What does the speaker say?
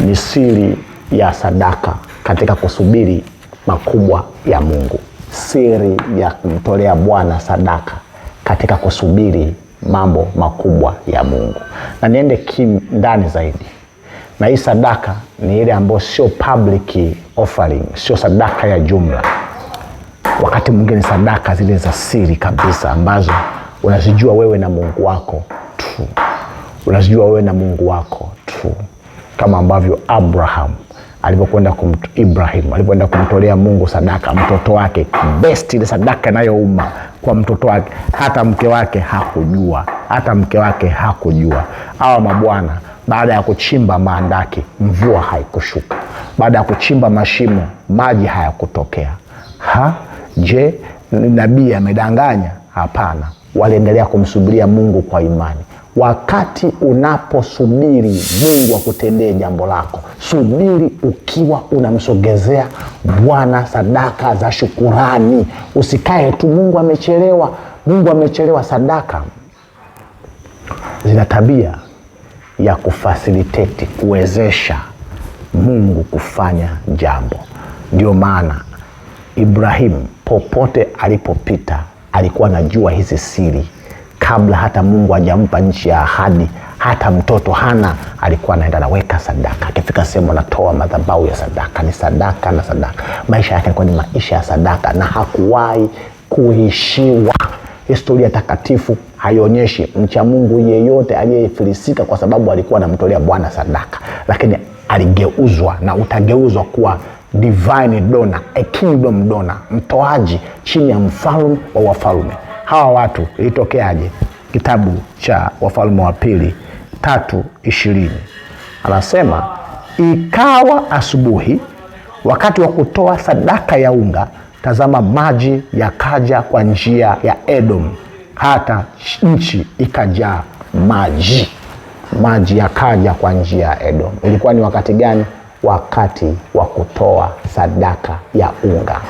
ni siri ya sadaka katika kusubiri makubwa ya Mungu, siri ya kumtolea Bwana sadaka katika kusubiri mambo makubwa ya Mungu. Na niende kindani zaidi, na hii sadaka ni ile ambayo sio public offering, sio sadaka ya jumla. Wakati mwingine sadaka zile za siri kabisa ambazo unazijua wewe na Mungu wako tu, unazijua wewe na Mungu wako tu kama ambavyo Abraham alipokwenda kumtu Ibrahim alipokwenda kumtolea Mungu sadaka mtoto wake best, ile sadaka inayouma kwa mtoto wake. Hata mke wake hakujua, hata mke wake hakujua. Hawa mabwana baada ya kuchimba maandaki, mvua haikushuka. Baada ya kuchimba mashimo, maji hayakutokea. Ha, je, nabii amedanganya? Hapana, waliendelea kumsubiria Mungu kwa imani. Wakati unaposubiri Mungu akutendee jambo lako, subiri ukiwa unamsogezea Bwana sadaka za shukurani. Usikae tu, Mungu amechelewa, Mungu amechelewa. Sadaka zina tabia ya kufasiliteti, kuwezesha Mungu kufanya jambo. Ndio maana Ibrahimu popote alipopita alikuwa anajua hizi siri kabla hata Mungu hajampa nchi ya ahadi, hata mtoto hana, alikuwa anaenda anaweka sadaka, akifika sehemu anatoa madhabahu ya sadaka, ni sadaka na sadaka. Maisha yake alikuwa ni maisha ya sadaka na hakuwahi kuishiwa. Historia takatifu haionyeshi mcha Mungu yeyote aliyefilisika kwa sababu alikuwa anamtolea Bwana sadaka, lakini aligeuzwa na utageuzwa kuwa divine dona, a kingdom dona, mtoaji chini ya mfalme wa wafalme hawa watu ilitokeaje? Kitabu cha Wafalme wa Pili tatu ishirini anasema ikawa asubuhi, wakati wa kutoa sadaka ya unga, tazama, maji yakaja kwa njia ya Edom hata nchi ikajaa maji. Maji yakaja kwa njia ya Edom. Ilikuwa ni wakati gani? Wakati wa kutoa sadaka ya unga.